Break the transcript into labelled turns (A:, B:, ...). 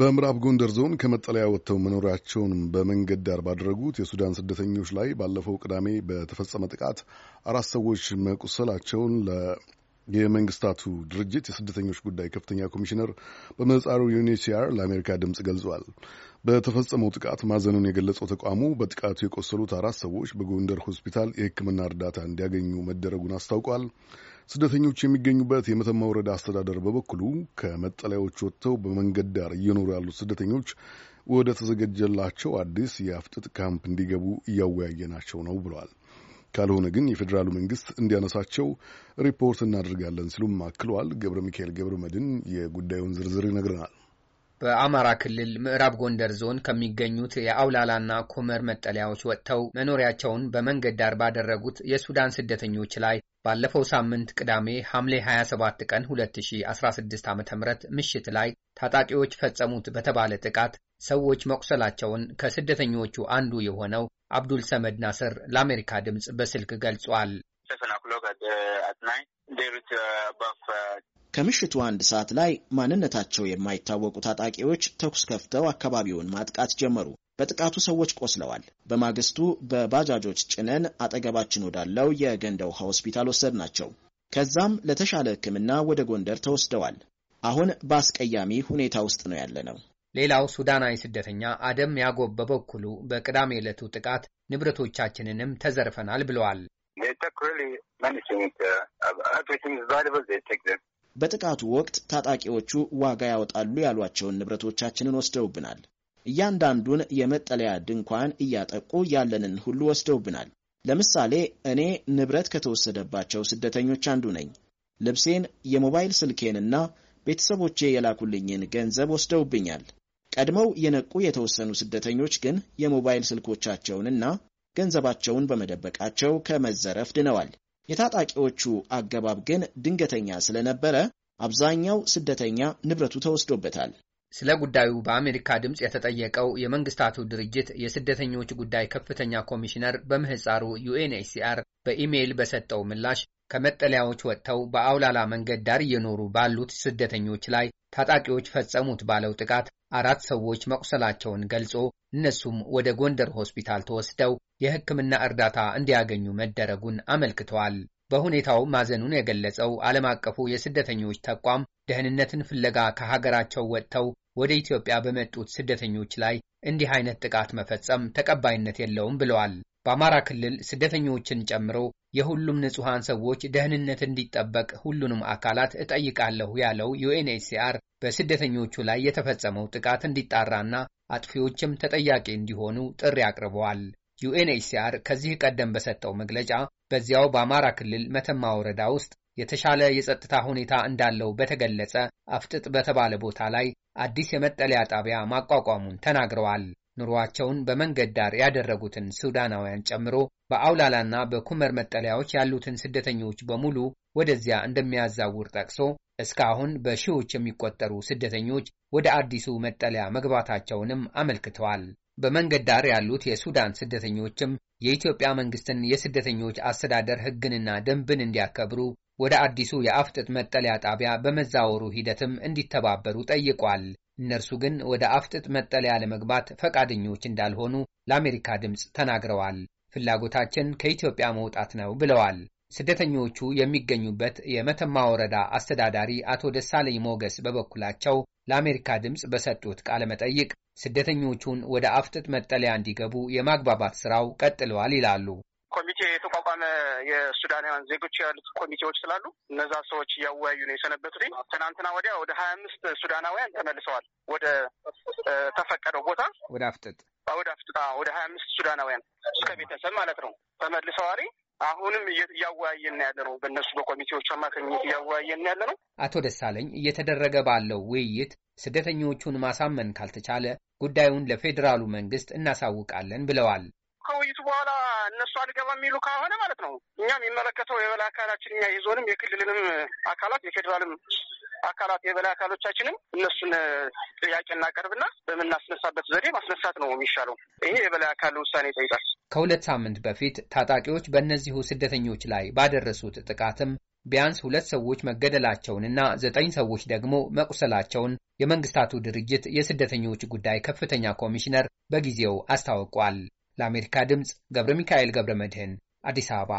A: በምዕራብ ጎንደር ዞን ከመጠለያ ወጥተው መኖሪያቸውን በመንገድ ዳር ባደረጉት የሱዳን ስደተኞች ላይ ባለፈው ቅዳሜ በተፈጸመ ጥቃት አራት ሰዎች መቁሰላቸውን የመንግስታቱ ድርጅት የስደተኞች ጉዳይ ከፍተኛ ኮሚሽነር በምህጻሩ ዩኤንኤችሲአር ለአሜሪካ ድምፅ ገልጿል። በተፈጸመው ጥቃት ማዘኑን የገለጸው ተቋሙ በጥቃቱ የቆሰሉት አራት ሰዎች በጎንደር ሆስፒታል የሕክምና እርዳታ እንዲያገኙ መደረጉን አስታውቋል። ስደተኞች የሚገኙበት የመተማ ወረዳ አስተዳደር በበኩሉ ከመጠለያዎች ወጥተው በመንገድ ዳር እየኖሩ ያሉት ስደተኞች ወደ ተዘጋጀላቸው አዲስ የአፍጥጥ ካምፕ እንዲገቡ እያወያየናቸው ነው ብለዋል። ካልሆነ ግን የፌዴራሉ መንግስት እንዲያነሳቸው ሪፖርት እናደርጋለን ሲሉም አክለዋል። ገብረ ሚካኤል ገብረ መድን የጉዳዩን ዝርዝር ይነግረናል።
B: በአማራ ክልል ምዕራብ ጎንደር ዞን ከሚገኙት የአውላላና ኮመር መጠለያዎች ወጥተው መኖሪያቸውን በመንገድ ዳር ባደረጉት የሱዳን ስደተኞች ላይ ባለፈው ሳምንት ቅዳሜ ሐምሌ 27 ቀን 2016 ዓ ም ምሽት ላይ ታጣቂዎች ፈጸሙት በተባለ ጥቃት ሰዎች መቁሰላቸውን ከስደተኞቹ አንዱ የሆነው አብዱል ሰመድ ናስር ለአሜሪካ ድምፅ በስልክ ገልጿል።
C: ከምሽቱ አንድ ሰዓት ላይ ማንነታቸው የማይታወቁ ታጣቂዎች ተኩስ ከፍተው አካባቢውን ማጥቃት ጀመሩ። በጥቃቱ ሰዎች ቆስለዋል። በማግስቱ በባጃጆች ጭነን አጠገባችን ወዳለው የገንደ ውሃ ሆስፒታል ወሰድናቸው። ከዛም ለተሻለ ሕክምና ወደ ጎንደር ተወስደዋል። አሁን በአስቀያሚ ሁኔታ ውስጥ ነው ያለነው።
B: ሌላው ሱዳናዊ ስደተኛ አደም ያጎብ በበኩሉ በቅዳሜ ዕለቱ ጥቃት ንብረቶቻችንንም ተዘርፈናል ብለዋል።
C: በጥቃቱ ወቅት ታጣቂዎቹ ዋጋ ያወጣሉ ያሏቸውን ንብረቶቻችንን ወስደውብናል። እያንዳንዱን የመጠለያ ድንኳን እያጠቁ ያለንን ሁሉ ወስደውብናል። ለምሳሌ እኔ ንብረት ከተወሰደባቸው ስደተኞች አንዱ ነኝ። ልብሴን፣ የሞባይል ስልኬንና ቤተሰቦቼ የላኩልኝን ገንዘብ ወስደውብኛል። ቀድመው የነቁ የተወሰኑ ስደተኞች ግን የሞባይል ስልኮቻቸውንና ገንዘባቸውን በመደበቃቸው ከመዘረፍ ድነዋል። የታጣቂዎቹ አገባብ ግን ድንገተኛ ስለነበረ አብዛኛው ስደተኛ ንብረቱ ተወስዶበታል። ስለ
B: ጉዳዩ በአሜሪካ ድምፅ የተጠየቀው የመንግስታቱ ድርጅት የስደተኞች ጉዳይ ከፍተኛ ኮሚሽነር በምህፃሩ ዩኤንኤችሲአር በኢሜይል በሰጠው ምላሽ ከመጠለያዎች ወጥተው በአውላላ መንገድ ዳር እየኖሩ ባሉት ስደተኞች ላይ ታጣቂዎች ፈጸሙት ባለው ጥቃት አራት ሰዎች መቁሰላቸውን ገልጾ እነሱም ወደ ጎንደር ሆስፒታል ተወስደው የሕክምና እርዳታ እንዲያገኙ መደረጉን አመልክተዋል። በሁኔታው ማዘኑን የገለጸው ዓለም አቀፉ የስደተኞች ተቋም ደህንነትን ፍለጋ ከሀገራቸው ወጥተው ወደ ኢትዮጵያ በመጡት ስደተኞች ላይ እንዲህ አይነት ጥቃት መፈጸም ተቀባይነት የለውም ብለዋል። በአማራ ክልል ስደተኞችን ጨምሮ የሁሉም ንጹሐን ሰዎች ደህንነት እንዲጠበቅ ሁሉንም አካላት እጠይቃለሁ ያለው ዩኤንኤችሲአር በስደተኞቹ ላይ የተፈጸመው ጥቃት እንዲጣራና አጥፊዎችም ተጠያቂ እንዲሆኑ ጥሪ አቅርበዋል። ዩኤንኤችሲአር ከዚህ ቀደም በሰጠው መግለጫ በዚያው በአማራ ክልል መተማ ወረዳ ውስጥ የተሻለ የጸጥታ ሁኔታ እንዳለው በተገለጸ አፍጥጥ በተባለ ቦታ ላይ አዲስ የመጠለያ ጣቢያ ማቋቋሙን ተናግረዋል። ኑሯቸውን በመንገድ ዳር ያደረጉትን ሱዳናውያን ጨምሮ በአውላላና በኩመር መጠለያዎች ያሉትን ስደተኞች በሙሉ ወደዚያ እንደሚያዛውር ጠቅሶ እስካሁን በሺዎች የሚቆጠሩ ስደተኞች ወደ አዲሱ መጠለያ መግባታቸውንም አመልክተዋል። በመንገድ ዳር ያሉት የሱዳን ስደተኞችም የኢትዮጵያ መንግስትን የስደተኞች አስተዳደር ሕግንና ደንብን እንዲያከብሩ ወደ አዲሱ የአፍጥጥ መጠለያ ጣቢያ በመዛወሩ ሂደትም እንዲተባበሩ ጠይቋል። እነርሱ ግን ወደ አፍጥጥ መጠለያ ለመግባት ፈቃደኞች እንዳልሆኑ ለአሜሪካ ድምፅ ተናግረዋል። ፍላጎታችን ከኢትዮጵያ መውጣት ነው ብለዋል። ስደተኞቹ የሚገኙበት የመተማ ወረዳ አስተዳዳሪ አቶ ደሳለኝ ሞገስ በበኩላቸው ለአሜሪካ ድምፅ በሰጡት ቃለ መጠይቅ ስደተኞቹን ወደ አፍጥጥ መጠለያ እንዲገቡ የማግባባት ስራው ቀጥለዋል ይላሉ። ኮሚቴ የተቋቋመ የሱዳናውያን ዜጎች ያሉት ኮሚቴዎች ስላሉ እነዛ ሰዎች እያወያዩ ነው የሰነበቱት። ትናንትና ወዲያ ወደ ሀያ አምስት ሱዳናውያን ተመልሰዋል ወደ ተፈቀደው ቦታ ወደ አፍጥጥ ወደ አፍጥጥ ወደ ሀያ አምስት ሱዳናውያን እስከ ቤተሰብ ማለት ነው ተመልሰዋሪ አሁንም እያወያየን ያለ ነው። በእነሱ በኮሚቴዎች አማካኝነት
C: እያወያየን ያለ ነው።
B: አቶ ደሳለኝ እየተደረገ ባለው ውይይት ስደተኞቹን ማሳመን ካልተቻለ ጉዳዩን ለፌዴራሉ መንግስት እናሳውቃለን ብለዋል።
C: ከውይይቱ በኋላ
B: እነሱ አልገባም የሚሉ ከሆነ ማለት ነው እኛም የሚመለከተው የበላይ አካላችን እኛ የዞንም የክልልንም አካላት የፌዴራልም አካላት የበላይ አካሎቻችንም እነሱን ጥያቄ እናቀርብና በምናስነሳበት ዘዴ ማስነሳት ነው የሚሻለው። ይሄ የበላይ አካል ውሳኔ ይጠይቃል። ከሁለት ሳምንት በፊት ታጣቂዎች በእነዚሁ ስደተኞች ላይ ባደረሱት ጥቃትም ቢያንስ ሁለት ሰዎች መገደላቸውንና ዘጠኝ ሰዎች ደግሞ መቁሰላቸውን የመንግስታቱ ድርጅት የስደተኞች ጉዳይ ከፍተኛ ኮሚሽነር በጊዜው አስታውቋል። ለአሜሪካ ድምፅ ገብረ ሚካኤል ገብረ መድህን አዲስ አበባ